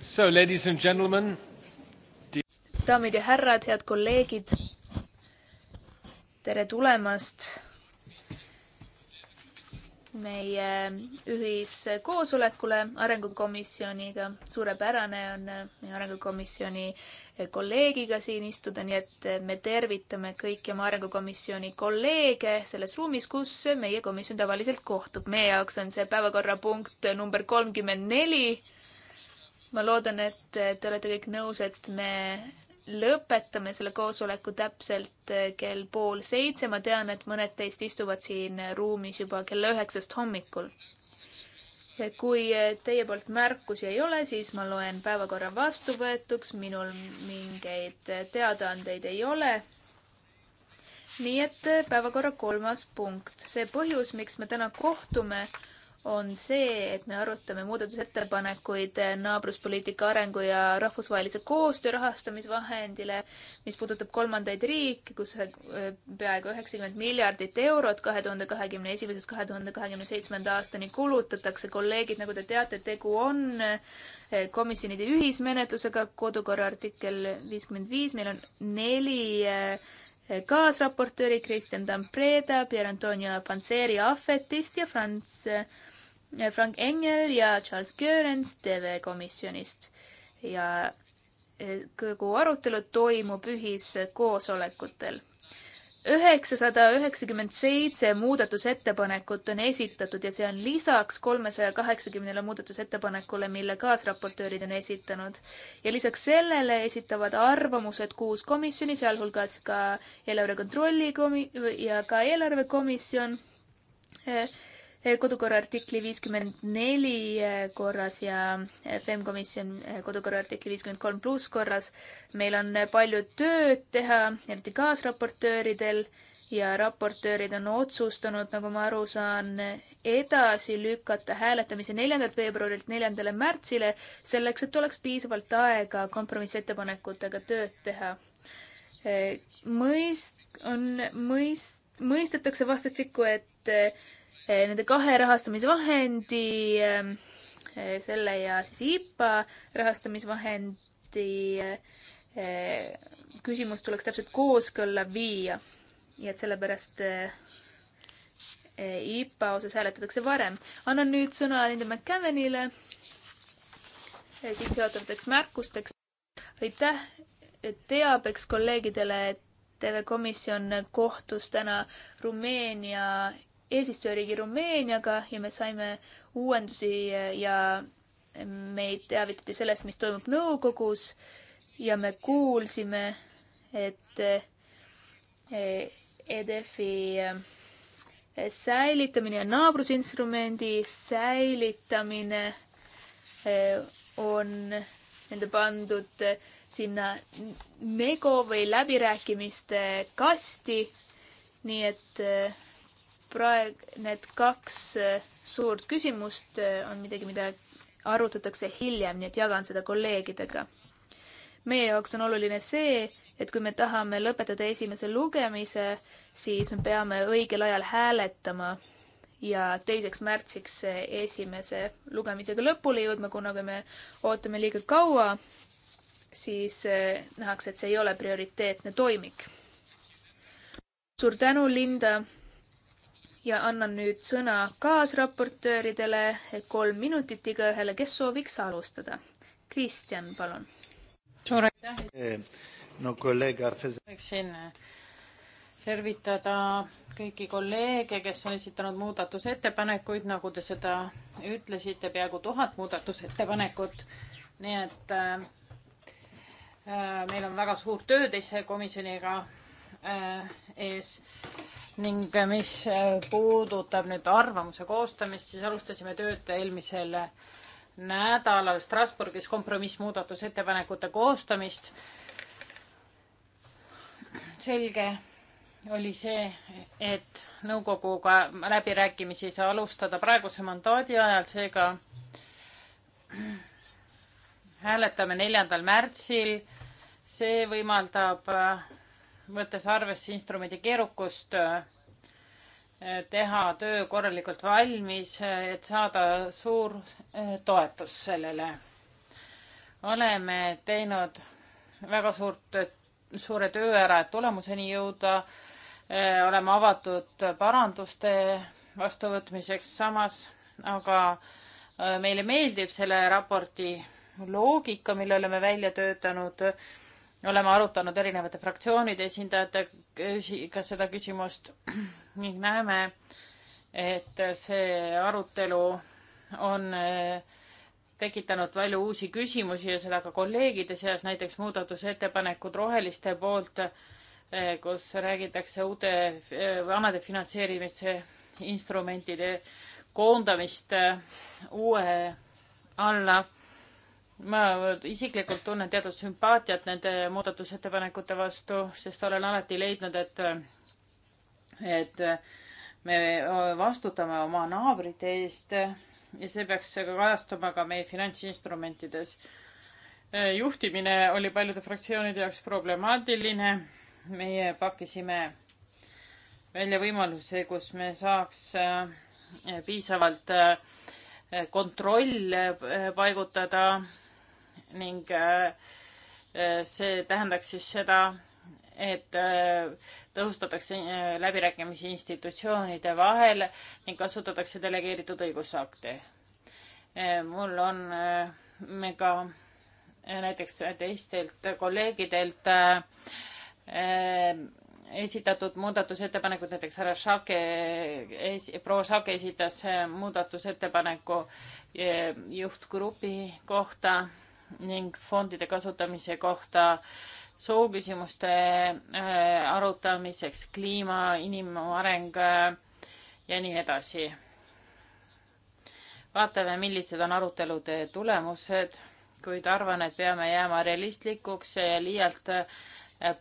So, ladies and gentlemen. daamid ja härrad, head kolleegid. tere tulemast meie ühiskoosolekule Arengukomisjoniga. suurepärane on meie äh, Arengukomisjoni äh, kolleegiga siin istuda, nii et äh, me tervitame kõiki oma Arengukomisjoni kolleege selles ruumis, kus meie komisjon tavaliselt kohtub. meie jaoks on see päevakorrapunkt number kolmkümmend neli. ma loodan, et te olete kõik nõus, et me lõpetame selle koosoleku täpselt eh, kell pool seitse. ma tean, et mõned teist istuvad siin ruumis juba kella üheksast hommikul. kui eh, teie poolt märkusi ei ole, siis ma loen päevakorra vastuvõetuks. minul mingeid eh, teadaandeid ei ole nii et päevakorra kolmas punkt. see põhjus, miks me täna kohtume, on see, et me arutame muudatusettepanekuid naabruspoliitika arengu ja rahvusvahelise koostöö rahastamisvahendile, mis puudutab kolmandaid riike, kus eh, peaaegu üheksakümmend miljardit eurot kahe tuhande kahekümne esimesest kahe tuhande kahekümne seitsmenda aastani kulutatakse. kolleegid, nagu te teate, tegu on eh, komisjonide ühismenetlusega, kodukorra artikkel viiskümmend viis, meil on neli eh, kaasraportöörid Kristjan Tampreda, Pier Antonio Panseri Ahvetist ja Franz, äh, Frank Engel ja Charles Görens TV-komisjonist. ja äh, kogu arutelu toimub ühiskoosolekutel üheksasada üheksakümmend seitse muudatusettepanekut on esitatud ja see on lisaks kolmesaja kaheksakümnele muudatusettepanekule, mille kaasraportöörid on esitanud. ja lisaks sellele esitavad arvamused kuus komisjoni, sealhulgas ka eelarve kontrolli komi- ja ka eelarvekomisjon eh, kodukorra artikli viiskümmend neli eh, korras ja eh, FM komisjon eh, kodukorra artikli viiskümmend kolm pluss korras. meil on palju tööd teha, eriti kaasraportööridel ja raportöörid on otsustanud, nagu ma aru saan, edasi lükata hääletamise neljandalt veebruarilt neljandale märtsile, selleks et oleks piisavalt aega kompromissettepanekutega tööd teha. mõist-, on mõist-, mõistetakse vastastikku, et Eh, nende kahe rahastamisvahendi, ehm, eh, selle ja siis IPA rahastamisvahendi eh, küsimus tuleks täpselt kooskõlla viia. nii et sellepärast IPA osas hääletatakse varem. annan nüüd sõna Linda McCavenile sissejuhatavateks märkusteks. aitäh teabeks kolleegidele, et TV Komisjon kohtus täna Rumeenia eesistujariigi Rumeeniaga ja me saime uuendusi ja meid teavitati sellest, mis toimub nõukogus ja me kuulsime, et EDF-i säilitamine ja naabrusinstrumendi säilitamine on nende pandud sinna nego või läbirääkimiste kasti. nii et praegu need kaks eh, suurt küsimust eh, on midagi, mida arutatakse hiljem, nii et jagan seda kolleegidega. meie jaoks on oluline see, et kui me tahame lõpetada esimese lugemise, siis me peame õigel ajal hääletama ja teiseks märtsiks eh, esimese lugemisega lõpule jõudma, kuna kui me ootame liiga kaua, siis nähakse, et see ei ole prioriteetne toimik. suur tänu, Linda, ja annan nüüd sõna kaasraportööridele, kolm minutit igaühele, kes sooviks alustada. Kristjan, palun. suur aitäh. Eh, no kolleeg Arfes. võiksin eh, tervitada kõiki kolleege, kes on esitanud muudatusettepanekuid, nagu te seda ütlesite, peaaegu tuhat muudatusettepanekut. nii et äh, meil on väga suur töö teise komisjoniga Äh, ees ning äh, mis äh, puudutab nüüd arvamuse koostamist, siis alustasime tööd eelmisel nädalal Strasbourgis kompromissmuudatusettepanekute koostamist. selge oli see, et nõukoguga läbirääkimisi ei saa alustada praeguse mandaadi ajal, seega hääletame neljandal märtsil. see võimaldab võttes arvesse instrumendi keerukust, äh, teha töö korralikult valmis, äh, et saada suur äh, toetus sellele. oleme teinud väga suurt, suure töö ära, et tulemuseni jõuda. oleme avatud paranduste vastuvõtmiseks, samas aga meile meeldib selle raporti loogika, mille oleme välja töötanud oleme arutanud erinevate fraktsioonide esindajatega seda küsimust ning näeme, et see arutelu on eh, tekitanud palju uusi küsimusi ja seda ka kolleegide seas, näiteks muudatusettepanekud roheliste poolt, eh, kus räägitakse uute, eh, vanade finantseerimise instrumentide koondamist uue alla ma isiklikult tunnen teatud sümpaatiat nende muudatusettepanekute vastu, sest olen alati leidnud, et, et me vastutame oma naabrite eest ja see peaks kajastuma ka meie finantsinstrumentides. juhtimine oli paljude fraktsioonide jaoks problemaatiline. meie pakkisime välja võimaluse, kus me saaks eh, piisavalt eh, kontroll eh, paigutada ning äh, äh, see tähendaks siis seda, et äh, tõhustatakse läbirääkimisi institutsioonide vahel ning kasutatakse delegeeritud õigusakte. mul on me ka näiteks teistelt kolleegidelt esitatud muudatusettepanekud, näiteks härra Šake, proua Šake esitas muudatusettepaneku juhtgrupi kohta ning fondide kasutamise kohta sooküsimuste äh, arutamiseks, kliima, inimareng äh, ja nii edasi. vaatame, millised on arutelude tulemused, kuid arvan, et peame jääma realistlikuks ja liialt äh,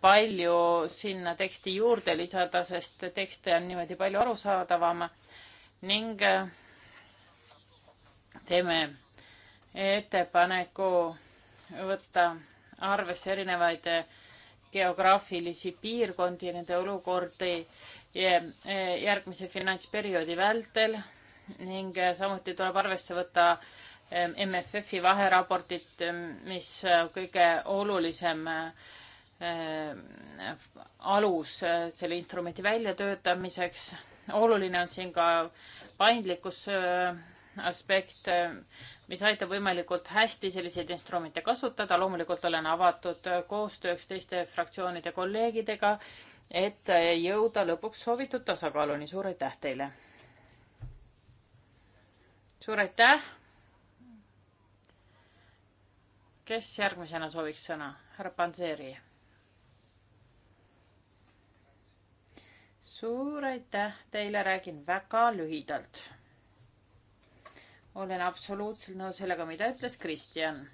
palju sinna teksti juurde lisada, sest tekste on niimoodi palju arusaadavam ning teeme ettepaneku võtta arvesse erinevaid geograafilisi piirkondi ja nende olukordi e, järgmise finantsperioodi vältel ning samuti tuleb arvesse võtta e, MFF-i vaheraportit, mis kõige olulisem e, alus selle instrumendi väljatöötamiseks. oluline on siin ka paindlikkus aspekt, mis aitab võimalikult hästi selliseid instrumente kasutada. loomulikult olen avatud koostööks teiste fraktsioonide kolleegidega, et jõuda lõpuks soovitud tasakaaluni. suur aitäh teile! suur aitäh! kes järgmisena sooviks sõna? härra Panseri. suur aitäh teile, räägin väga lühidalt olen absoluutselt nõus sellega, mida ütles Kristjan.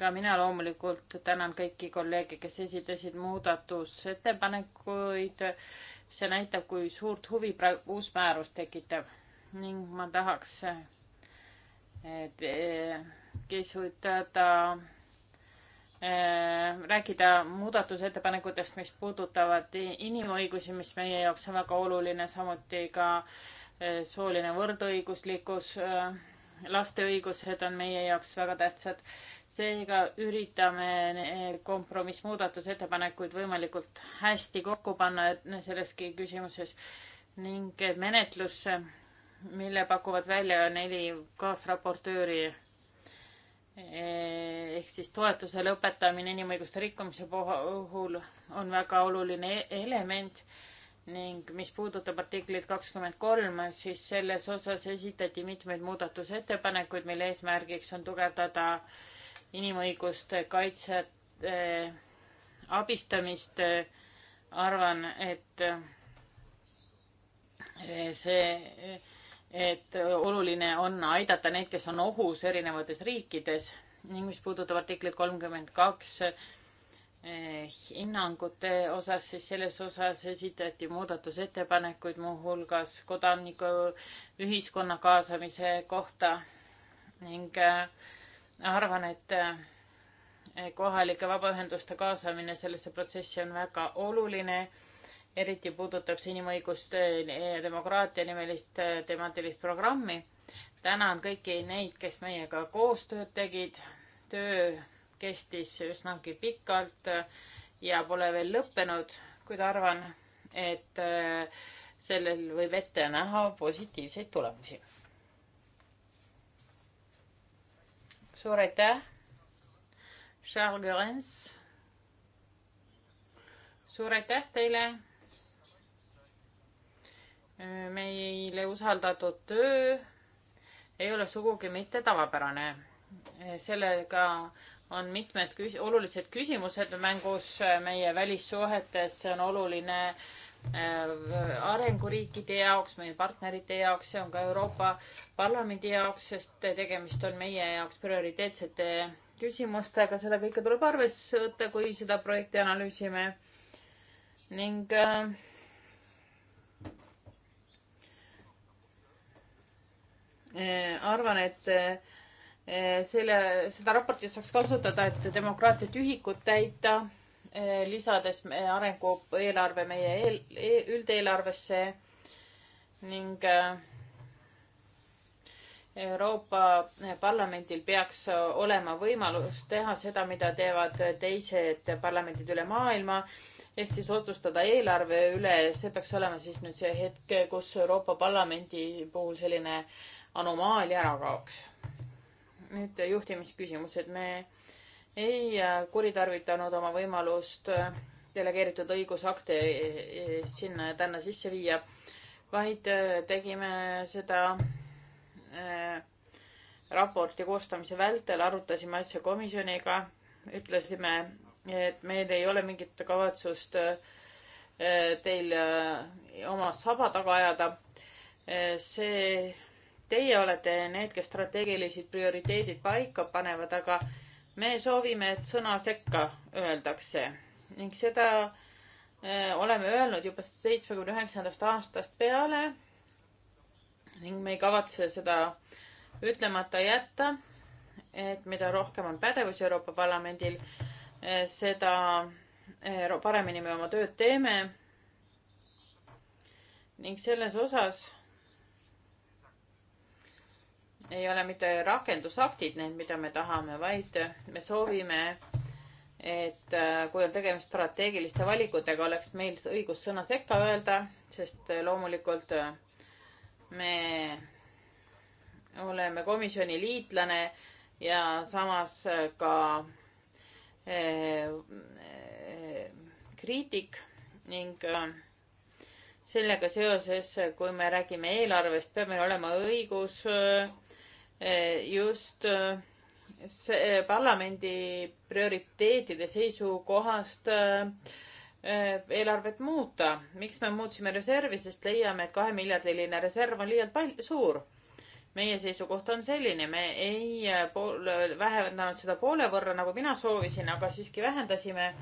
ka mina loomulikult tänan kõiki kolleege, kes esitasid muudatusettepanekuid. see näitab, kui suurt huvi praegu uus määrus tekitab ning ma tahaks eh, kisutada eh, rääkida muudatusettepanekutest, mis puudutavad inimõigusi, mis meie jaoks on väga oluline, samuti ka äh, Eh, sooline võrdõiguslikkus, eh, laste õigused on meie jaoks väga tähtsad. seega üritame eh, kompromissmuudatusettepanekuid võimalikult hästi kokku panna selleski küsimuses ning menetlus, mille pakuvad välja neli kaasraportööri ehk siis toetuse lõpetamine inimõiguste rikkumise puhul on väga oluline e-, element ning mis puudutab artiklit kakskümmend kolm, siis selles osas esitati mitmeid muudatusettepanekuid, mille eesmärgiks on tugevdada inimõiguste kaitset äh,, abistamist. Eh, arvan, et eh, see, et oluline on aidata neid, kes on ohus erinevates riikides ning mis puudutab artiklit kolmkümmend kaks, Eh, hinnangute osas, siis selles osas esitati muudatusettepanekuid muuhulgas kodanikuühiskonna kaasamise kohta ning äh, arvan, et äh, kohalike vabaühenduste kaasamine sellesse protsessi on väga oluline. eriti puudutab see inimõiguste ja äh, demokraatia nimelist temaatilist programmi. tänan kõiki neid, kes meiega koostööd tegid. töö kestis üsnagi pikalt ja pole veel lõppenud, kuid arvan, et äh, sellel võib ette näha positiivseid tulemusi. suur aitäh, Charles Gerens. suur aitäh teile meile usaldatud töö ei ole sugugi mitte tavapärane. sellega on mitmed küs-, olulised küsimused mängus äh, meie välissuhetes, see on oluline äh, arenguriikide jaoks, meie partnerite jaoks, see on ka Euroopa Parlamendi jaoks, sest tegemist on meie jaoks prioriteetsete küsimustega, seda kõike tuleb arvesse võtta, kui seda projekti analüüsime. ning äh, äh arvan, et äh, Eh, selle, seda raportit saaks kasutada, et demokraatia tühikut täita, eh, lisades arengueelarve meie eel, eel, üldeelarvesse ning eh, Euroopa Parlamendil peaks olema võimalus teha seda, mida teevad teised parlamendid üle maailma, ehk siis otsustada eelarve üle, see peaks olema siis nüüd see hetk, kus Euroopa Parlamendi puhul selline anomaalia ära kaoks nüüd juhtimisküsimused. me ei äh, kuritarvitanud oma võimalust äh, delegeeritud õigusakte äh, sinna ja tänna sisse viia, vaid tegime seda raporti koostamise vältel, arutasime asja komisjoniga, ütlesime, et meil ei ole mingit kavatsust teil oma saba taga ajada. see teie olete need, kes strateegilised prioriteedid paika panevad, aga me soovime, et sõna sekka öeldakse ning seda äh, oleme öelnud juba seitsmekümne üheksandast aastast peale ning me ei kavatse seda ütlemata jätta, et mida rohkem on pädevusi Euroopa Parlamendil, äh, seda äh, paremini me oma tööd teeme. ning selles osas ei ole mitte rakendusaktid need, mida me tahame, vaid me soovime, et äh, kui on tegemist strateegiliste valikutega, oleks meil õigus sõna sekka öelda, sest äh, loomulikult äh, me oleme komisjoni liitlane ja samas ka kriitik ning sellega seoses, kui me räägime eelarvest, peab meil olema õigus äh, just äh, see äh, parlamendi prioriteetide seisukohast äh, eelarvet muuta. miks me muutsime reservi, sest leiame, et kahemiljardiline reserv on liialt pal-, suur. meie seisukoht on selline, me ei pool, vähendanud seda poole võrra, nagu mina soovisin, aga siiski vähendasime.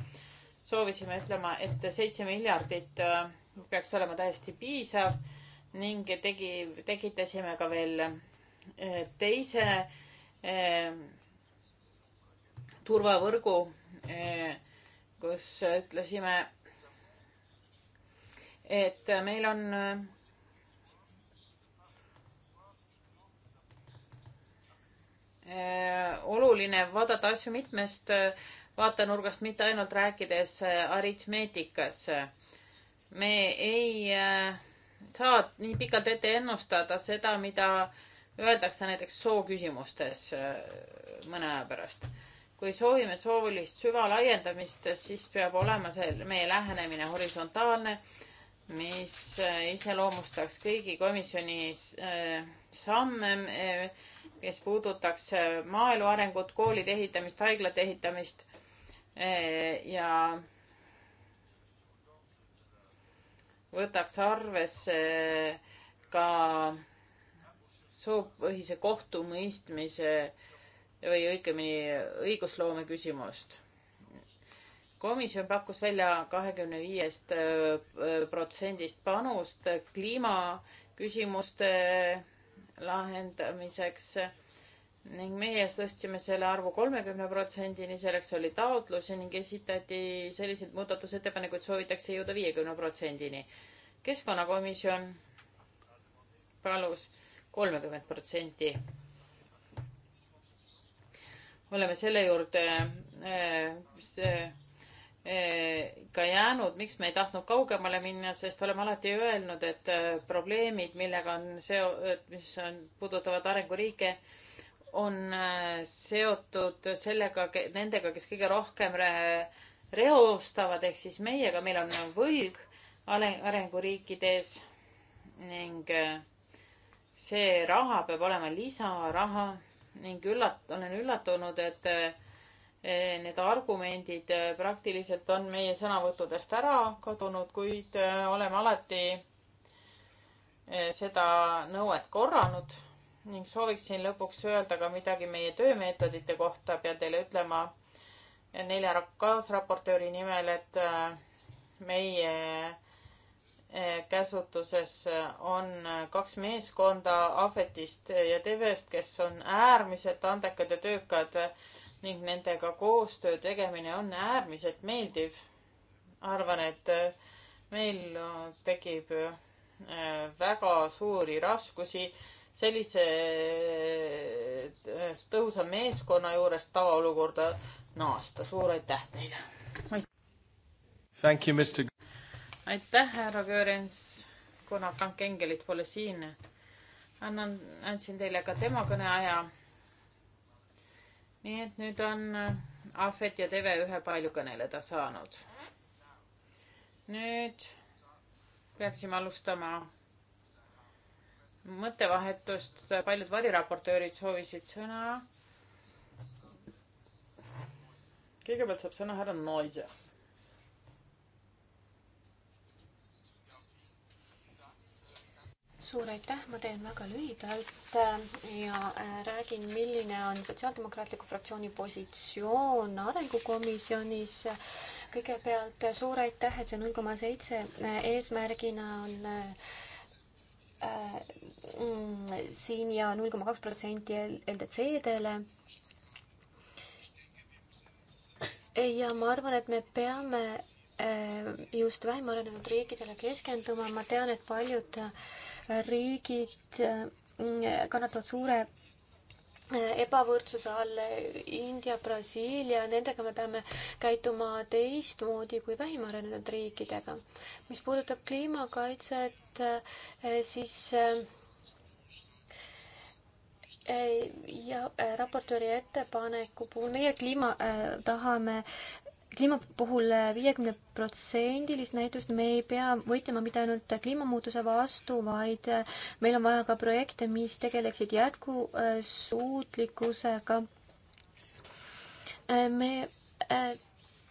soovisime ütlema, et seitse miljardit peaks olema täiesti piisav ning tegi, tekitasime ka veel Eh, teise eh, turvavõrgu, eh, kus ütlesime, et meil on oluline vaadata asju mitmest vaatenurgast, mitte ainult rääkides aritmeetikas. me ei saa nii pikalt ette ennustada seda, mida äh, öeldakse näiteks sooküsimustes äh, mõne aja pärast. kui soovime soolist süvalaiendamist, siis peab olema see meie lähenemine horisontaalne, mis äh, iseloomustaks kõigi komisjoni äh, samme, kes puudutaks maaelu arengut, koolide ehitamist, haiglate ehitamist ja võtaks arvesse ka soopõhise kohtumõistmise või õigemini õigusloome küsimust. komisjon pakkus välja kahekümne viiest protsendist panust kliimaküsimuste lahendamiseks ning meie tõstsime selle arvu kolmekümne protsendini, selleks oli taotlusi ning esitati selliseid muudatusettepanekuid, soovitakse jõuda viiekümne protsendini. keskkonnakomisjon palus äh, kolmekümmend protsenti. oleme selle juurde eh, see, eh, eh, ka jäänud, miks me ei tahtnud kaugemale minna, sest oleme alati öelnud, et probleemid, millega on seo-, mis on, puudutavad arenguriike, on seotud sellega, nendega, kes kõige rohkem reostavad, ehk siis meiega, meil on võlg arenguriikides ning äh, see raha peab olema lisaraha ning üllat-, olen üllatunud, et eh, need argumendid eh, praktiliselt on meie sõnavõttudest ära kadunud, kuid eh, oleme alati seda nõuet korranud ning sooviksin lõpuks öelda ka midagi meie töömeetodite kohta. pean teile ütlema nelja kaasraportööri nimel, et meie käsutuses on kaks meeskonda Ahvetist ja TV-st, kes on äärmiselt andekad ja töökad ning nendega koostöö tegemine on äärmiselt meeldiv. arvan, et meil tekib äh, väga suuri raskusi sellise äh, tõhusa meeskonna juurest tavaolukorda naasta. suur aitäh teile! Thank you, Mr aitäh, härra Görens, kuna Frank Engelit pole siin, annan, andsin teile ka tema kõneaja. nii et nüüd on Ahvet ja Teve ühe palju kõneleda saanud. nüüd peaksime alustama mõttevahetust, paljud variraportöörid soovisid sõna. kõigepealt saab sõna härra Noiser suur aitäh, ma teen väga lühidalt äh, ja äh, räägin, milline on Sotsiaaldemokraatliku fraktsiooni positsioon Arengukomisjonis. kõigepealt äh, suur aitäh, et see null koma seitse eesmärgina on äh, siin ja null koma kaks protsenti LDC-dele ja ma arvan, et me peame just vähem arenenud riikidele keskenduma, ma tean, et paljud riigid äh, kannatavad suure äh, ebavõrdsuse all India, Brasiilia, nendega me peame käituma teistmoodi kui vähim arenenud riikidega. mis puudutab kliimakaitset, äh, siis ja raportööri ettepaneku puhul meie kliima äh, tahame kliima puhul viiekümne protsendilist näitust me ei pea võitlema mitte ainult kliimamuutuse vastu, vaid meil on vaja ka projekte, mis tegeleksid jätkusuutlikkusega. me eh,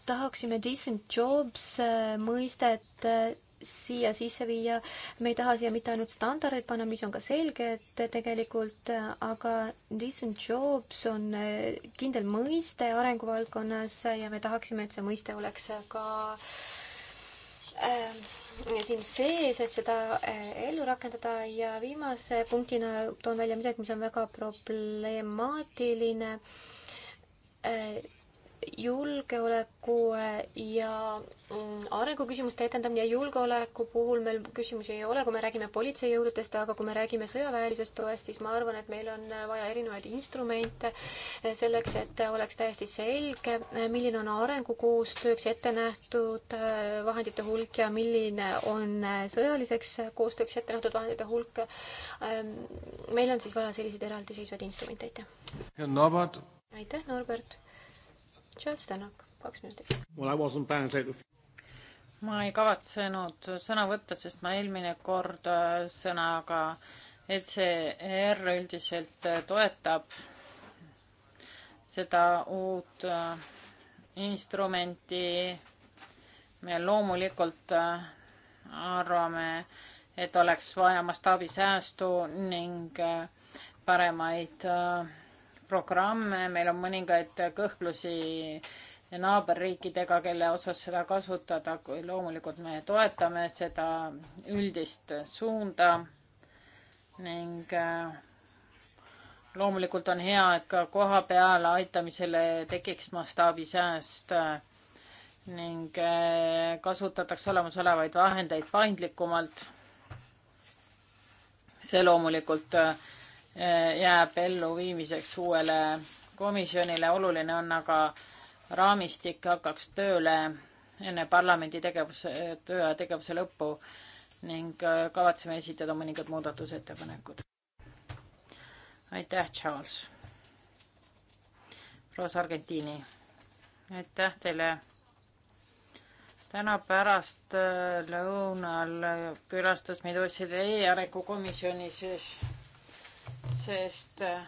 tahaksime decent jobs eh, mõistet eh, siia sisse viia. me ei taha siia mitte ainult standardeid panna, mis on ka selged tegelikult, aga decent jobs on eh, kindel mõiste arenguvaldkonnas ja me tahaksime, et see mõiste oleks ka äh, siin sees, et seda eh, ellu rakendada ja viimase punktina toon välja midagi, mis on väga problemaatiline äh, julgeoleku eh, ja mm, arenguküsimuste etendamine ja julgeoleku puhul meil küsimusi ei ole, kui me räägime politseijõududest, aga kui me räägime sõjaväelisest toest, siis ma arvan, et meil on eh, vaja erinevaid instrumente eh, selleks, et oleks täiesti selge, milline on arengukoostööks ette nähtud vahendite hulk ja milline on sõjaliseks koostööks ette nähtud vahendite hulk. Ehm, meil on siis vaja selliseid eraldiseisvaid instrumente, aitäh. aitäh, Norbert Charles Tänak, kaks minutit well,. ma ei kavatsenud sõna võtta, sest ma eelmine kord äh, sõnaga, et see ER üldiselt äh, toetab seda uut äh, instrumenti. me loomulikult arvame, et oleks vaja mastaabisäästu ning paremaid äh, programme, meil on mõningaid kõhklusi naaberriikidega, kelle osas seda kasutada, kui loomulikult me toetame seda üldist suunda ning äh, loomulikult on hea, et ka koha peal aitamisele tekiks mastaabisääst äh, ning äh, kasutatakse olemasolevaid vahendeid paindlikumalt. see loomulikult äh, Eh, jääb elluviimiseks uuele komisjonile, oluline on aga raamistik hakkaks tööle enne parlamendi tegevuse, tööaja tegevuse lõppu ning eh, kavatseme esitada mõningad muudatusettepanekud. aitäh, Charles. Rosa Argentiini, aitäh teile. täna pärastlõunal eh, külastas meid OECD arengukomisjoni siis sest äh,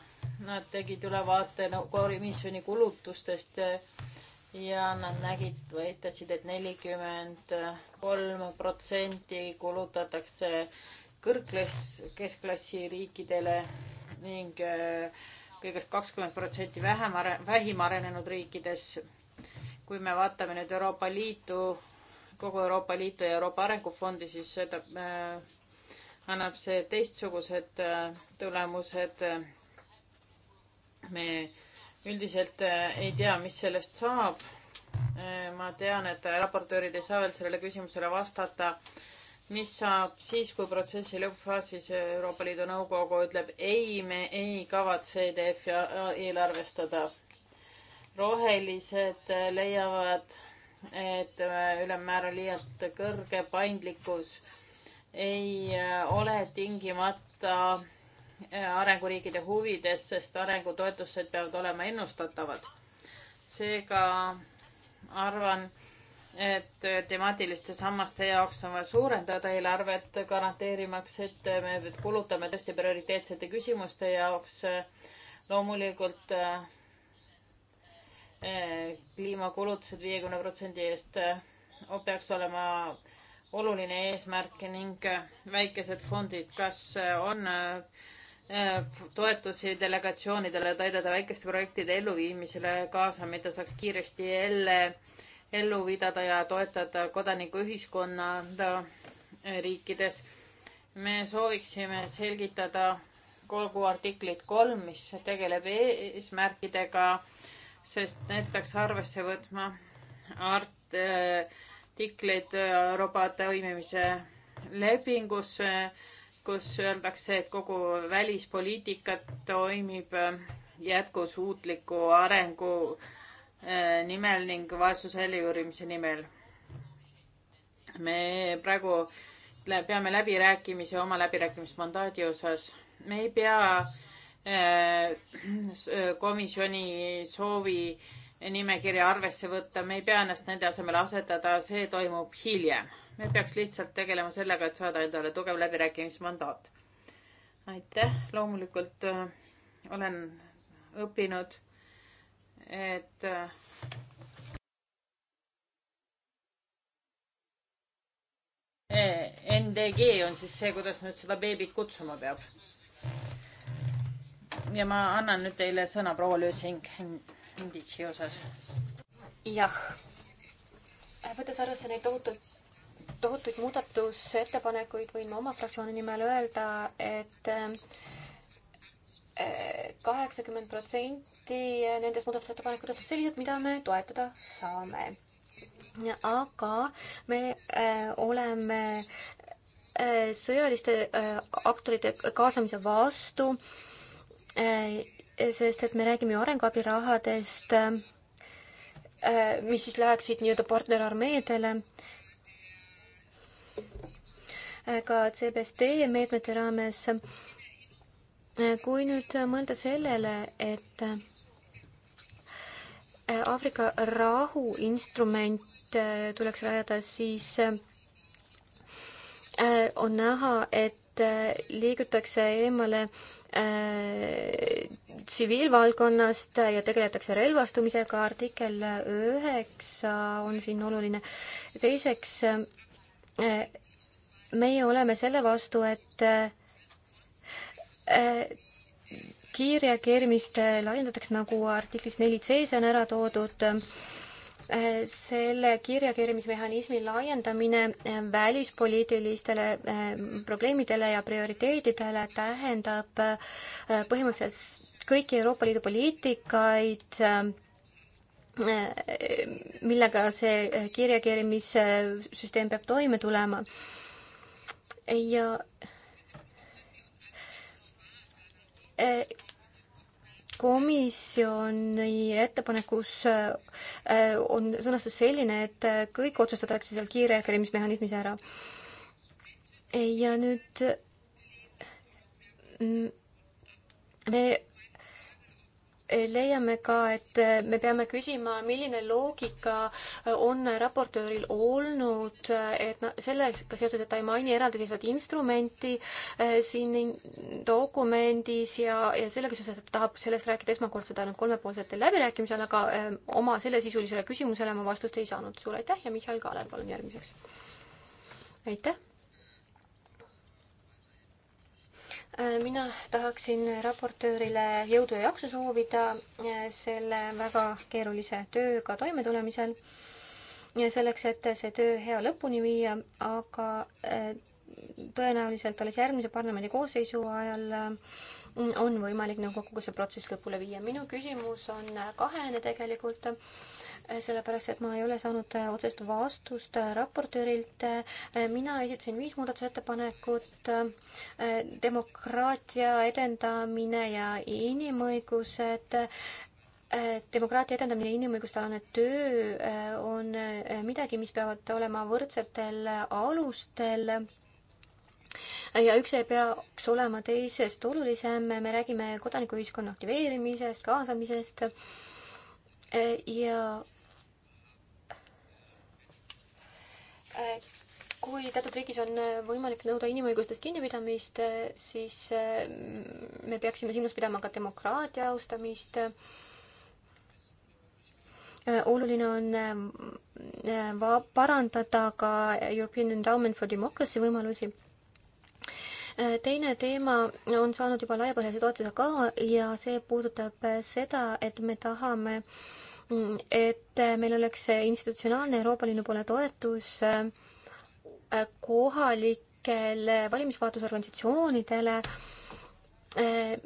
nad tegid ülevaate komisjoni kulutustest äh, ja nad nägid või ütlesid et, et nelikümmend kolm protsenti kulutatakse kõrgklass, keskklassi riikidele ning äh, kõigest kakskümmend protsenti vähem, vähim arenenud riikides. kui me vaatame nüüd Euroopa Liitu, kogu Euroopa Liitu ja Euroopa Arengufondi, siis seda äh, annab see teistsugused äh, tulemused. Äh, me üldiselt äh, ei tea, mis sellest saab. ma tean, et raportöörid ei saa veel sellele küsimusele vastata, mis saab siis, kui protsessi lõppfaasis Euroopa Liidu Nõukogu ütleb ei, me ei kavatse EDF-i eelarvestada. rohelised leiavad, et ülemmäär on liialt kõrge, paindlikkus ei äh, ole tingimata äh, arenguriikide huvides, sest arengutoetused peavad olema ennustatavad. seega arvan, et äh, temaatiliste sammaste jaoks on vaja suurendada eelarvet, garanteerimaks, et me kulutame tõesti prioriteetsete küsimuste jaoks. loomulikult kliimakulutused viiekümne protsendi eest peaks olema oluline eesmärk ning äh, väikesed fondid, kas äh, on äh, toetusi delegatsioonidele, et aidata väikeste projektide elluviimisele kaasa, mida saaks kiiresti jälle ellu pidada ja toetada kodanikuühiskonda riikides. me sooviksime selgitada kogu artiklit kolm, mis tegeleb eesmärkidega, sest need peaks arvesse võtma art- äh,, artikleid Euroopa äh, toimimise lepingus, äh, kus öeldakse, et kogu välispoliitika toimib äh, jätkusuutliku arengu nimel ning vaesuse ellujuurimise nimel. me praegu peame läbirääkimisi oma läbirääkimismandaadi osas. me ei pea komisjoni soovi äh, nimekirja arvesse võtta, me ei pea ennast nende asemele asetada, see toimub hiljem. me peaks lihtsalt tegelema sellega, et saada endale tugev läbirääkimismandaat. aitäh, loomulikult öö, äh, olen õppinud, et öö, äh, NDG on siis see, kuidas nüüd seda beebit kutsuma peab. ja ma annan nüüd teile sõna, proua Lüüsing inditsi osas? jah. võttes arvesse neid tohutuid, tohutuid muudatusettepanekuid, võin ma oma fraktsiooni nimel öelda, et eh, kaheksakümmend protsenti nendest muudatusettepanekutest on sellised, mida me toetada saame. aga me eh, oleme eh, sõjaliste aktorite kaasamise vastu sest et me räägime ju arenguabirahadest, äh, mis siis läheksid nii-öelda partnerarmeedele, äh, ka CBSD meetmete raames. Äh, kui nüüd mõelda sellele, et Aafrika rahuinstrument tuleks rajada, siis on näha, et et äh, liigutakse eemale äh, tsiviilvaldkonnast äh, ja tegeletakse relvastumisega, artikkel üheksa on siin oluline. teiseks äh,, meie oleme selle vastu, et äh, kiirreageerimist laiendatakse, nagu artiklis neli C-s on ära toodud äh,, Äh, selle kirjakeerimismehhanismi laiendamine äh, välispoliitilistele äh, probleemidele ja prioriteedidele tähendab põhimõtteliselt kõiki Euroopa Liidu poliitikaid, millega see kirjakeerimissüsteem peab toime tulema. ja komisjoni ettepanekus äh, äh, on sõnastus selline, et äh, kõik otsustatakse seal kiire reageerimismehhanismis ära. ja nüüd mm, me leiame ka, et me peame küsima, milline loogika on raportööril olnud, et sellega seoses, et ta ei maini eraldiseisvat instrumenti eh, siin dokumendis ja, ja sellega seoses, et ta tahab sellest rääkida esmakordselt ainult kolmepoolsetel läbirääkimisel, aga eh, oma sellesisulisele küsimusele ma vastust ei saanud. suur aitäh ja Mihhail Kaaler, palun järgmiseks. aitäh Äh, mina tahaksin raportöörile jõudu ja jaksu soovida äh, selle väga keerulise tööga toimetulemisel. selleks, et see töö hea lõpuni viia, aga äh, tõenäoliselt alles järgmise parlamendi koosseisu ajal on võimalik nõukoguga see protsess lõpule viia. minu küsimus on kahene tegelikult sellepärast et ma ei ole saanud äh, otsest vastust äh, raportöörilt. Äh, mina esitasin viis muudatusettepanekut. demokraatia edendamine ja inimõigused demokraatia edendamine ja inimõigustealane töö on midagi, mis peavad olema võrdsetel alustel. ja üks ei peaks olema teisest olulisem, me räägime kodanikuühiskonna aktiveerimisest, kaasamisest ja Äh, kui teatud riigis on äh, võimalik nõuda inimõigustest kinnipidamist, äh, siis me peaksime silmas pidama ka demokraatia austamist. oluline on parandada ka European Endowment for Democracy võimalusi. teine teema on saanud juba laiapõhjalise toetuse ka ja see puudutab seda, et me tahame äh, et äh, meil oleks äh, institutsionaalne Euroopa Liidu poole toetus äh, kohalikele valimisvaatlusorganisatsioonidele,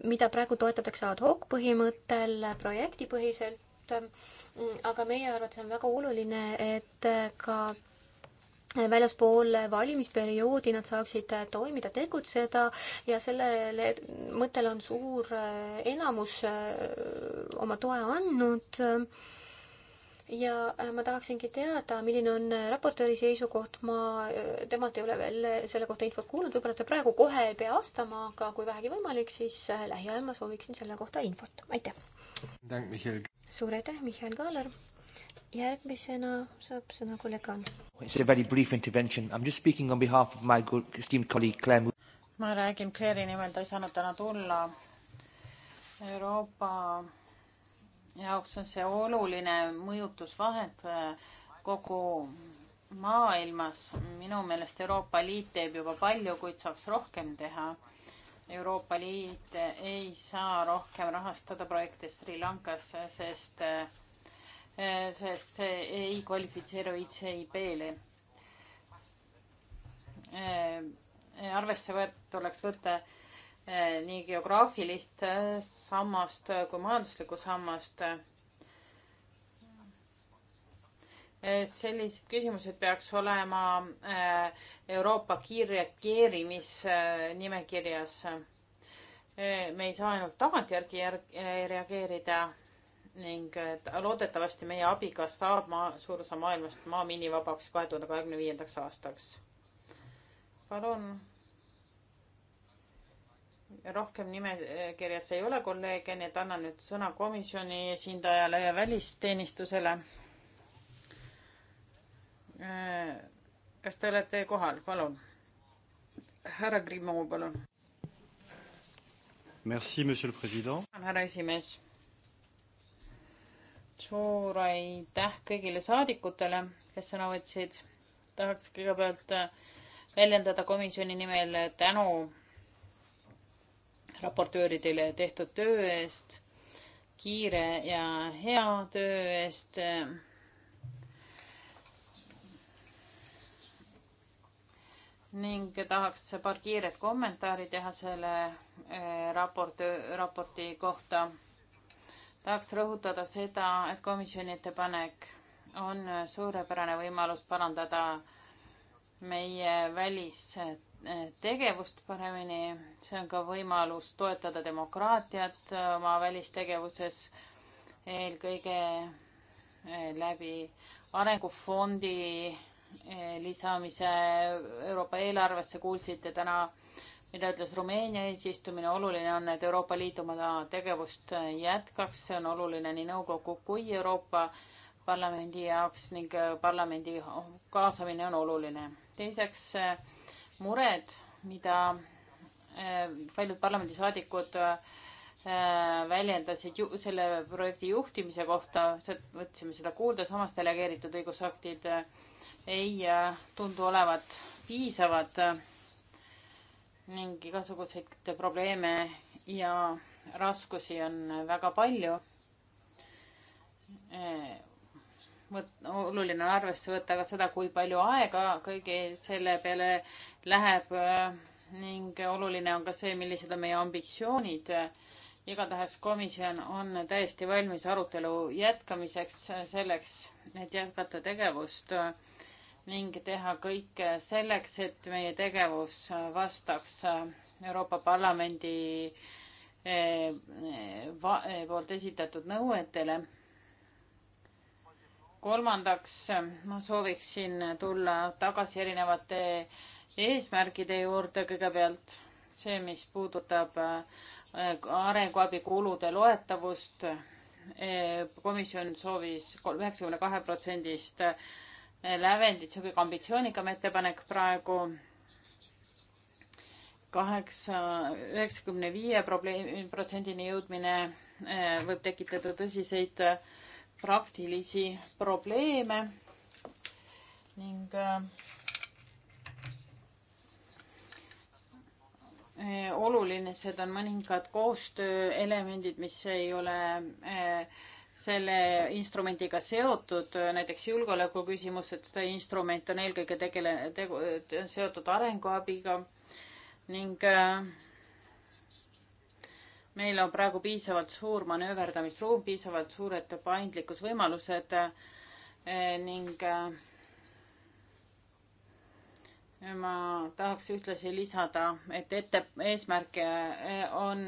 mida praegu toetatakse ad hoc põhimõttel, projektipõhiselt, aga meie arvates on väga oluline, et ka väljaspool valimisperioodi nad saaksid toimida, tegutseda ja sellele mõttele on suur äh, enamus äh, oma toe andnud. ja äh, ma tahaksingi teada, milline on raportööri seisukoht, ma temalt ei ole veel selle kohta infot kuulnud, võib-olla ta praegu kohe ei pea vastama, aga kui vähegi võimalik, siis lähiajal ma sooviksin selle kohta infot, aitäh. suur aitäh, Mihhail Kaaler järgmisena saab sõna kolleeg Ang. It's a very brief intervention. I am just speaking on behalf of my good esteemed colleague Claire Moody. ma räägin Claire'i nimel, ta ei saanud täna tulla. Euroopa jaoks on see oluline mõjutusvahend eh, kogu maailmas. minu meelest Euroopa Liit teeb juba palju, kuid saaks rohkem teha. Euroopa Liit ei saa rohkem rahastada projekte Sri Lankas, sest äh, Eh, sest see ei kvalifitseeru ICIB-le. Eh, arvesse võet-, tuleks võtta eh, nii geograafilist sammast kui majanduslikku sammast. sellised küsimused peaks olema Euroopa kiirreageerimisnimekirjas. me ei saa ainult tagantjärgi reageerida ning loodetavasti meie abiga saab maa, suur osa maailmast maa minivabaks kahe tuhande kahekümne viiendaks aastaks. palun. rohkem nimekirjas ei ole kolleege, nii et annan nüüd sõna komisjoni esindajale ja välisteenistusele. kas te olete kohal, palun? härra Grimmo, palun. Merci, monsieur le president. härra esimees suur aitäh kõigile saadikutele, kes sõna võtsid. tahaks kõigepealt äh, väljendada komisjoni nimel tänu raportööridele tehtud töö eest, kiire ja hea töö eest. ning tahaks paar kiiret kommentaari teha selle äh, raportöö, raporti kohta tahaks rõhutada seda, et komisjoni ettepanek on suurepärane võimalus parandada meie välistegevust paremini. see on ka võimalus toetada demokraatiat oma välistegevuses, eelkõige eh, läbi arengufondi eh, lisamise Euroopa eelarvesse, kuulsite täna äh, mida ütles Rumeenia eesistumine, oluline on, et Euroopa Liit oma tegevust jätkaks, see on oluline nii nõukogu kui Euroopa Parlamendi jaoks ning parlamendi kaasamine on oluline. teiseks eh, mured, mida eh, paljud parlamendisaadikud eh, väljendasid ju, selle projekti juhtimise kohta, võtsime seda kuulda, samas delegeeritud õigusaktid ei tundu olevat piisavad ning igasuguseid probleeme ja raskusi on väga palju. oluline on arvesse võtta ka seda, kui palju aega kõigi selle peale läheb ning oluline on ka see, millised on meie ambitsioonid. igatahes komisjon on täiesti valmis arutelu jätkamiseks, selleks, et jätkata tegevust äh, ning teha kõike selleks, et meie tegevus vastaks Euroopa Parlamendi eh, eh, poolt esitatud nõuetele. kolmandaks, ma sooviksin tulla tagasi erinevate eesmärgide juurde kõigepealt, see, mis puudutab eh, arenguabi kulude loetavust. komisjon soovis üheksakümne kahe protsendist lävendit, see on kõige ambitsioonikam ettepanek praegu. kaheksa, üheksakümne viie probleemi, protsendini jõudmine eh, võib tekitada tõsiseid eh, praktilisi probleeme ning eh, olulised on mõningad koostööelemendid, mis ei ole äh, selle instrumendiga seotud, näiteks julgeoleku küsimused, see instrument on eelkõige tegele, tegu, seotud arenguabiga ning äh, meil on praegu piisavalt suur manööverdamisruum, piisavalt suured paindlikkusvõimalused äh, ning äh, ma tahaks ühtlasi lisada, et ette, eesmärk on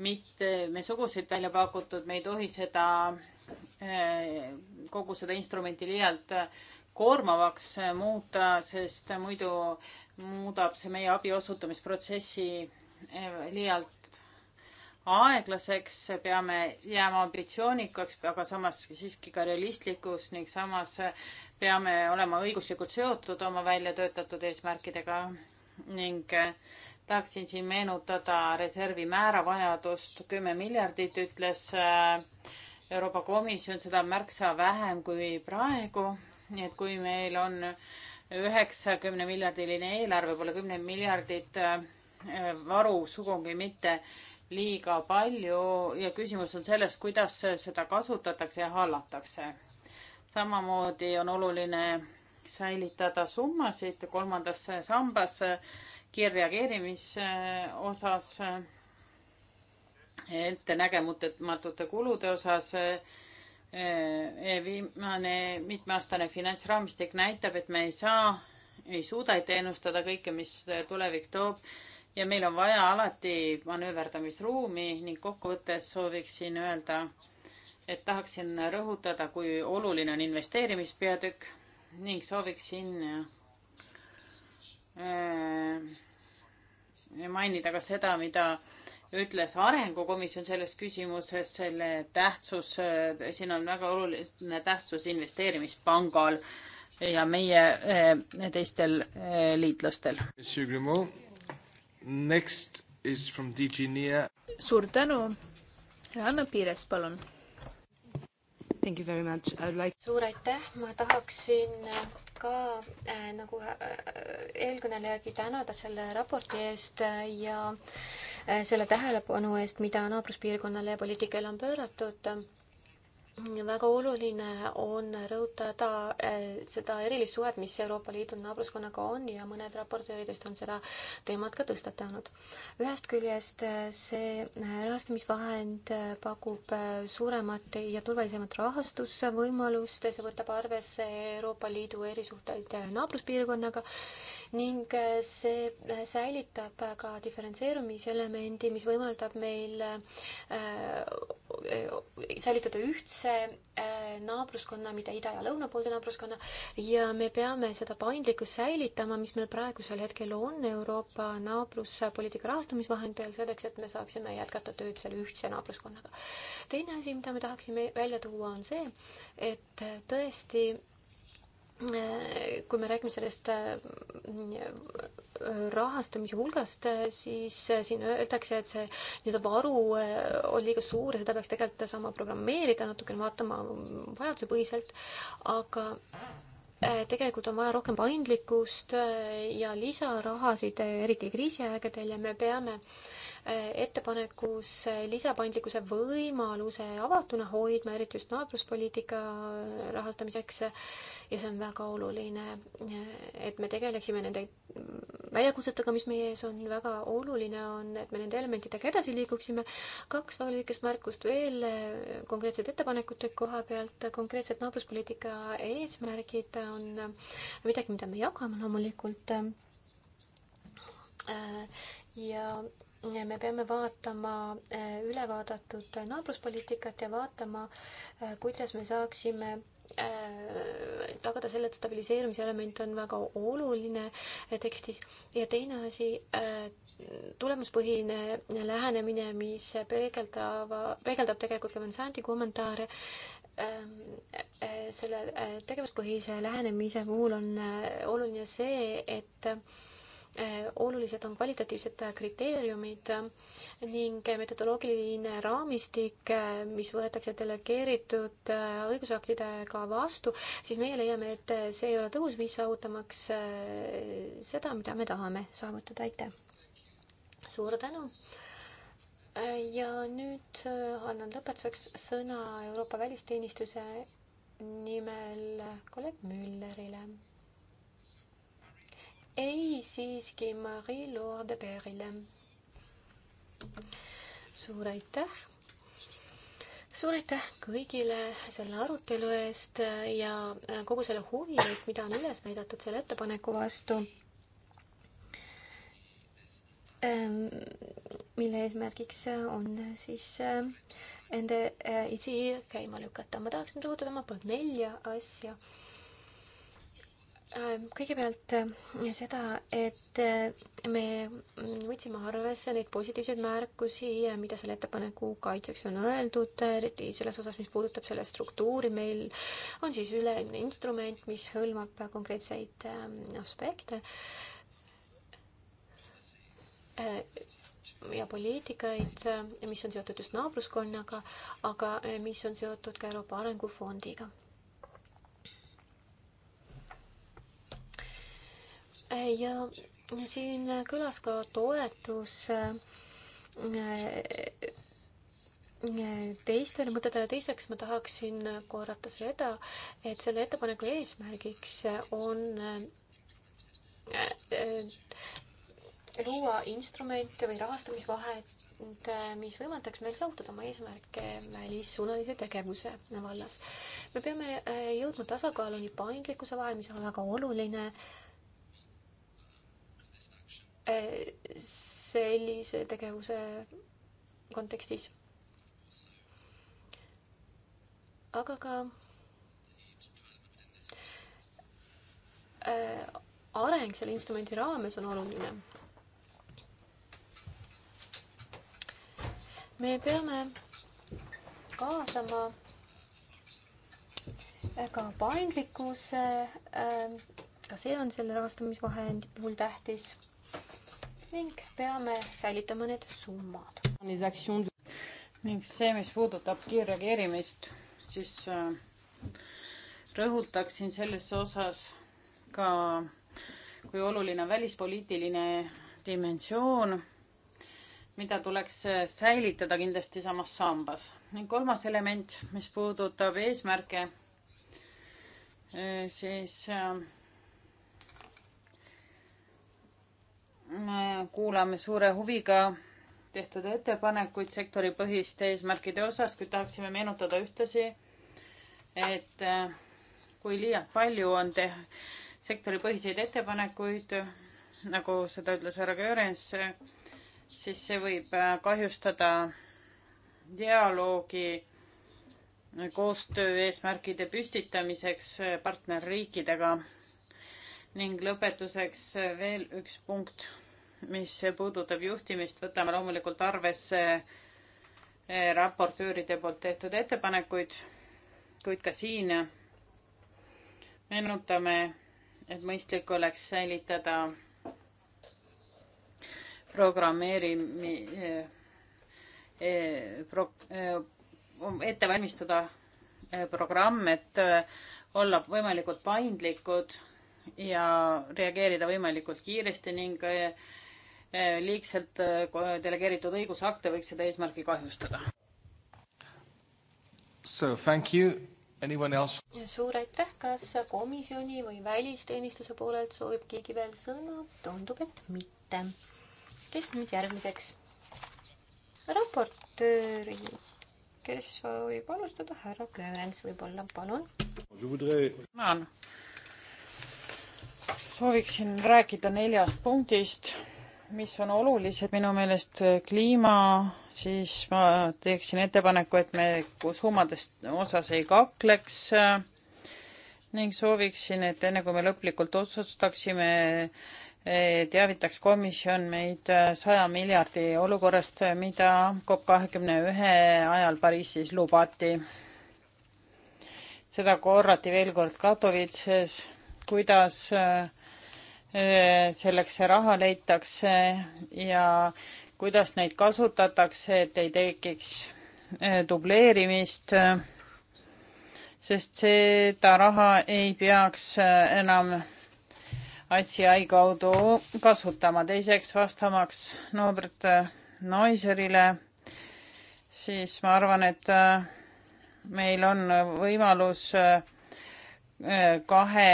mitte mesuguseid välja pakutud, me ei tohi seda, äh, kogu seda instrumenti liialt koormavaks muuta, sest muidu muudab see meie abi osutamisprotsessi äh, liialt aeglaseks, peame jääma ambitsioonikaks, aga samas siiski ka realistlikuks ning samas peame olema õiguslikult seotud oma välja töötatud eesmärkidega ning äh, tahaksin siin meenutada reservi määravajadust, kümme miljardit ütles äh, Euroopa Komisjon, seda on märksa vähem kui praegu, nii et kui meil on üheksakümne miljardiline eelarve, pole kümne miljardit äh, varu sugugi mitte liiga palju ja küsimus on selles, kuidas seda kasutatakse ja hallatakse. samamoodi on oluline säilitada summasid kolmandasse sambasse kiirreageerimise äh, osas, äh, ettenägematute kulude osas. Äh, viimane mitmeaastane finantsraamistik näitab, et me ei saa, ei suuda ette ennustada kõike, mis tulevik toob ja meil on vaja alati manööverdamisruumi ning kokkuvõttes sooviksin öelda, et tahaksin rõhutada, kui oluline on investeerimispeatükk ning sooviksin Äh, mainida ka seda, mida ütles Arengukomisjon selles küsimuses, selle tähtsus, äh, siin on väga oluline tähtsus investeerimispangal ja meie äh, teistel liitlastel. suur tänu, Anna Piires, palun Thank you very much. I would like... suur aitäh, ma tahaksin äh, ka äh, nagu äh, eelkõnelejagi tänada selle raporti eest äh, ja äh, selle tähelepanu eest, mida naabruspiirkonnale ja poliitikale on pööratud äh, väga oluline on rõhutada eh, seda erilist suhet, mis Euroopa Liidu naabruskonnaga on ja mõned raportööridest on seda teemat ka tõstatanud. ühest küljest eh, see eh, rahastamisvahend pakub suuremat ja turvalisemat rahastusvõimalust, see võtab arvesse Euroopa Liidu erisuhteid naabruspiirkonnaga ning see säilitab ka diferentseerumiselemendi, mis võimaldab meil säilitada ühtse ühtse äh, naabruskonna, mitte ida- ja lõunapoolse naabruskonna ja me peame seda paindlikkust säilitama, mis meil praegusel hetkel on Euroopa naabruspoliitika rahastamisvahendajal, selleks et me saaksime jätkata tööd selle ühtse naabruskonnaga. teine asi, mida me tahaksime välja tuua, on see, et tõesti äh, kui me räägime sellest äh, rahastamise hulgast, eh, siis eh, siin öeldakse, et see nii-öelda varu eh, on liiga suur ja seda peaks tegelikult saama programmeerida natukene, vaatama vajadusepõhiselt, aga tegelikult on vaja rohkem paindlikkust ja lisarahasid, eriti kriisiaegadel ja me peame ettepanekus lisapaindlikkuse võimaluse avatuna hoidma, eriti just naabruspoliitika rahastamiseks. ja see on väga oluline, et me tegeleksime nende väljakutsetega, mis meie ees on, väga oluline on, et me nende elementidega edasi liiguksime. kaks väga lühikest märkust veel konkreetsete ettepanekute koha pealt. konkreetsed naabruspoliitika eesmärgid on midagi, mida me jagame loomulikult ja me peame vaatama äh, ülevaadatud naabruspoliitikat ja vaatama, äh, kuidas me saaksime äh, tagada selle, et stabiliseerimise element on väga oluline tekstis ja teine asi, tulemuspõhine lähenemine, mis peegeldab, peegeldab tegelikult ka Vincenti kommentaare, ähm, selle tegevuspõhise lähenemise puhul on oluline see, et olulised on kvalitatiivsed kriteeriumid ning metodoloogiline raamistik, mis võetakse delegeeritud õigusaktidega vastu, siis meie leiame, et see ei ole tõhus viis saavutamaks äh, seda, mida me tahame saavutada, aitäh! suur tänu! ja nüüd äh, annan lõpetuseks sõna Euroopa Välisteenistuse nimel kolleeg Müllerile ei, siiski Marie-Lourde Perile. suur aitäh suur aitäh kõigile selle arutelu eest ja kogu selle huvi eest, mida on üles näidatud selle ettepaneku vastu. Ehm, mille eesmärgiks on siis ehm, nende eh, idsi käima lükata. ma tahaksin rõhutada omalt poolt nelja asja Ähm, kõigepealt äh, seda, et äh, me võtsime arvesse neid positiivseid märkusi, mida selle ettepaneku kaitseks on öeldud, äh, eriti selles osas, mis puudutab selle struktuuri, meil on siis üleüldine instrument, mis hõlmab konkreetseid ähm, aspekte ja poliitikaid, mis on seotud just naabruskonnaga, aga mis on seotud ka Euroopa Arengufondiga ja siin kõlas ka toetus äh, teistele mõtetele, teiseks ma tahaksin korrata seda, et selle ettepaneku eesmärgiks on äh, äh, luua instrumente või rahastamisvahet, mis võimaldaks meil saavutada oma eesmärke välissuunalise tegevuse vallas. me peame jõudma tasakaaluni paindlikkuse vahel, mis on väga oluline äh, sellise tegevuse kontekstis. aga ka äh, areng selle instrumendi raames on oluline. me peame kaasama äh, ka paindlikkuse, äh, ka see on selle rahastamisvahendi puhul tähtis ning peame säilitama need summad. ning see, mis puudutab kiirreageerimist, siis äh, rõhutaksin selles osas ka, kui oluline on välispoliitiline dimensioon, mida tuleks äh, säilitada kindlasti samas sambas. ning kolmas element, mis puudutab eesmärke, äh, siis äh, me kuulame suure huviga tehtud ettepanekuid sektoripõhiste eesmärkide osas, kuid tahaksime meenutada ühtlasi, et äh, kui liialt palju on te-, sektoripõhiseid ettepanekuid, nagu seda ütles härra Görens, siis see võib äh, kahjustada dialoogi koostöö eesmärkide püstitamiseks äh, partnerriikidega ning lõpetuseks veel üks punkt mis puudutab juhtimist, võtame loomulikult arvesse eh, raportööride poolt tehtud ettepanekuid, kuid ka siin meenutame, et mõistlik oleks säilitada programmeerimi- eh, eh, pro-, ette valmistada programm, et olla võimalikult paindlikud ja reageerida võimalikult kiiresti ning Eh, liigselt eh, delegeeritud õigusakte võiks seda eesmärki kahjustada. So thank you. Anyone else? suur aitäh, kas komisjoni või välisteenistuse poolelt soovib keegi veel sõna? tundub, et mitte. kes nüüd järgmiseks? raportööri, kes soovib alustada, härra Köörens võib-olla, palun. tänan. sooviksin rääkida neljast punktist mis on olulised minu meelest äh, kliima, siis ma teeksin ettepaneku, et me summadest osas ei kakleks äh, ning sooviksin, et enne kui me lõplikult otsustaksime, äh, teavitaks komisjon meid saja miljardi olukorrast, mida COP kahekümne ühe ajal Pariisis lubati. seda korrati veel kord Katowices, kuidas äh, Äh, selleks see raha leitakse ja kuidas neid kasutatakse, et ei tekiks äh, dubleerimist, sest seda raha ei peaks äh, enam ICI kaudu kasutama. teiseks vastamaks Norbert Noiserile, siis ma arvan, et meil on võimalus kahe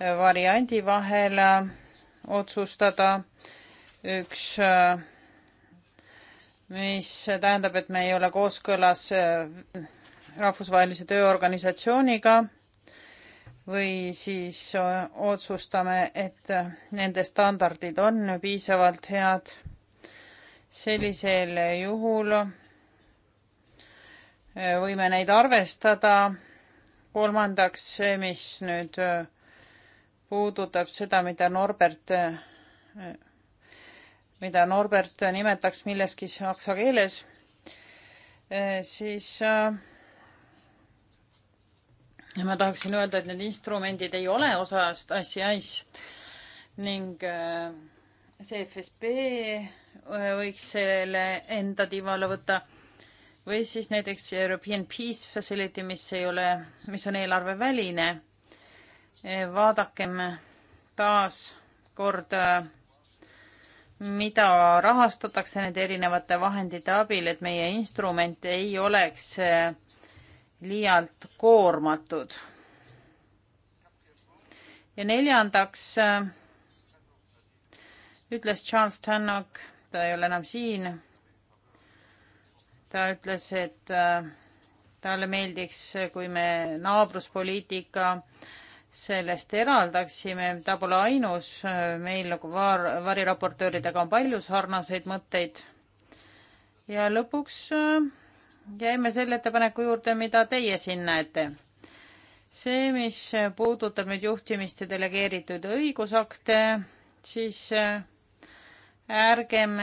variandi vahel äh, otsustada. üks, äh, mis tähendab, et me ei ole kooskõlas äh, rahvusvahelise tööorganisatsiooniga või siis otsustame, et nende standardid on piisavalt head. sellisel juhul võime neid arvestada. kolmandaks, see, mis nüüd puudutab seda, mida Norbert, mida Norbert nimetaks milleski saksa keeles, siis äh, ma tahaksin öelda, et need instrumendid ei ole osa SIS ning CFSB äh, äh, võiks selle enda tiiva alla võtta või siis näiteks European Peace Facility, mis ei ole, mis on eelarveväline Eh, vaadakem taas kord, eh, mida rahastatakse nende erinevate vahendite abil, et meie instrument ei oleks eh, liialt koormatud. ja neljandaks ütles Charles Tannock, ta ei ole enam siin, ta ütles, et talle meeldiks, kui me naabruspoliitika äh, sellest eraldaksime, ta pole ainus, meil nagu var, variraportööridega on palju sarnaseid mõtteid. ja lõpuks äh, jäime selle ettepaneku juurde, mida teie siin näete. see, mis puudutab nüüd juhtimist ja delegeeritud õigusakte, siis äh, ärgem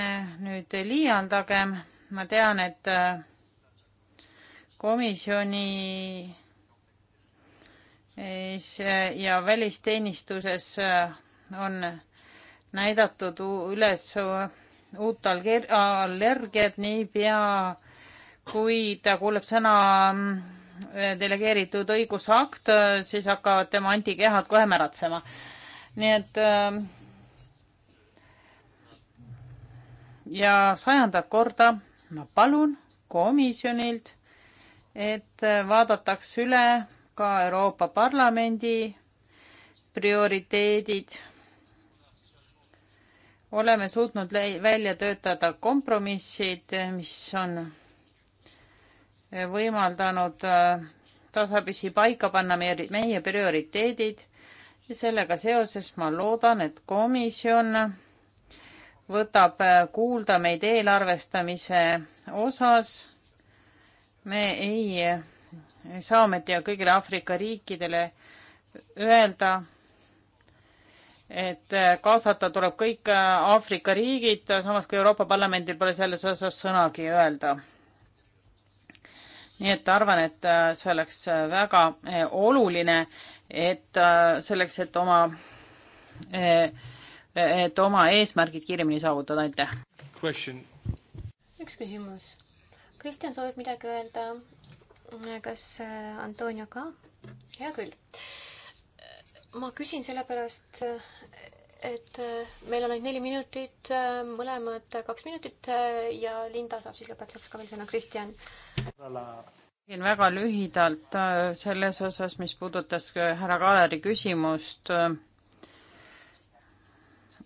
nüüd liialdagem, ma tean, et äh, komisjoni Eh, ja välisteenistuses eh, on näidatud üles eh, uut allergiat niipea, kui ta kuuleb sõna mm, delegeeritud õigusakt, siis hakkavad tema antikehad kohe märatsema. nii et ja sajandat korda ma palun komisjonilt, et vaadataks üle ka Euroopa Parlamendi prioriteedid. oleme suutnud välja töötada kompromissid, mis on võimaldanud äh, tasapisi paika panna meie, meie prioriteedid ja sellega seoses ma loodan, et komisjon võtab äh, kuulda meid eelarvestamise osas. me ei Saamet ja kõigile Aafrika riikidele öelda, et kaasata tuleb kõik Aafrika riigid, samas kui Euroopa Parlamendil pole selles osas sõnagi öelda. nii et arvan, et see oleks väga eh, oluline, et eh, selleks, et oma, eh, et oma eesmärgid kiiremini saavutada, aitäh. üks küsimus. Kristjan soovib midagi öelda, kas äh, Antonio ka? hea küll. ma küsin sellepärast, äh, et äh, meil on ainult neli minutit, mõlemad kaks minutit ja Linda saab siis lõpetuseks ka veel sõna, Kristjan. räägin väga lühidalt selles osas, mis puudutas härra Kaleri küsimust.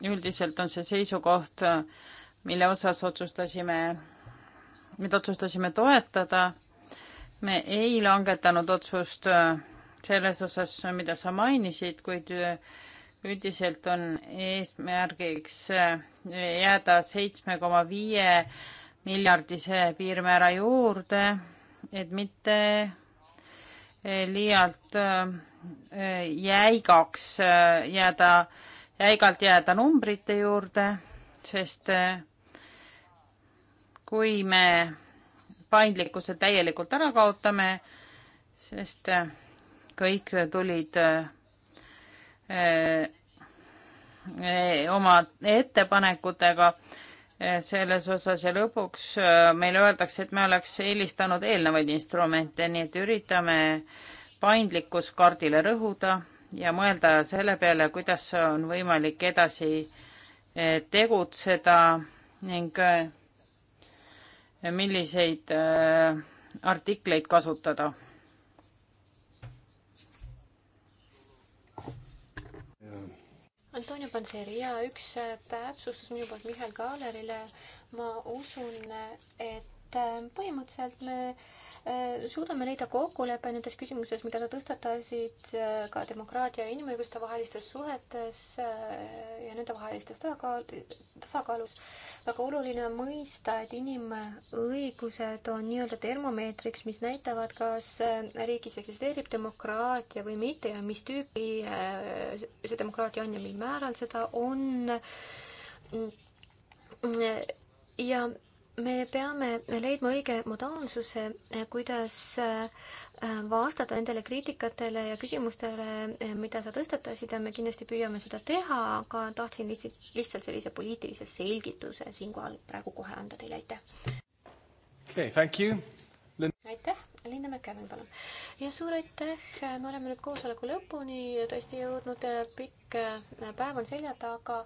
üldiselt on see seisukoht, mille osas otsustasime, mida otsustasime toetada me ei langetanud otsust äh, selles osas, mida sa mainisid, kuid äh, üldiselt on eesmärgiks äh, jääda seitsme koma viie miljardise piirmäära juurde, et mitte liialt jäigaks jääda, jäigalt jääda numbrite juurde, sest kui me paindlikkuse täielikult ära kaotame, sest äh, kõik tulid äh, äh, oma ettepanekutega selles osas ja lõpuks meile öeldakse, et me oleks eelistanud eelnevaid instrumente, nii et üritame paindlikkuskaardile rõhuda ja mõelda selle peale, kuidas on võimalik edasi tegutseda ning milliseid äh, artikleid kasutada. Antonio Panseri ja üks äh, täpsustus minu poolt Mihhail Kaalerile. ma usun, et äh, põhimõtteliselt me äh, Äh, suudame leida kokkuleppe nendes küsimustes, mida sa tõstatasid äh, ka demokraatia ja inimõiguste vahelistes suhetes äh, ja nende vahelistes tasakaal, tasakaalus. väga oluline on mõista, et inimõigused on nii-öelda termomeetriks, mis näitavad, kas riigis eksisteerib demokraatia või mitte ja mis tüüpi see demokraatia on ja mil määral seda on. Mm, ja me peame leidma õige modaalsuse, kuidas äh, vastata nendele kriitikatele ja küsimustele, äh, mida sa tõstatasid ja me kindlasti püüame seda teha, aga tahtsin lihtsalt, lihtsalt sellise poliitilise selgituse siinkohal praegu kohe anda teile, aitäh okay,! Thank you! aitäh, Linda McCaven, palun. ja suur aitäh, me oleme nüüd koosoleku lõpuni tõesti jõudnud, äh, pikk päev on selja taga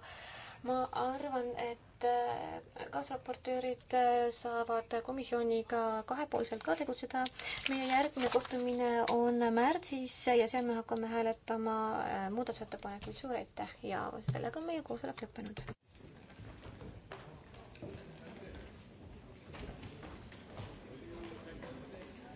ma arvan, et äh, kaasraportöörid äh, saavad komisjoniga kahepoolselt ka tegutseda. meie järgmine kohtumine on märtsis ja seal me hakkame hääletama äh, muudatusettepanekuid. suur aitäh ja sellega on meie koosolek lõppenud.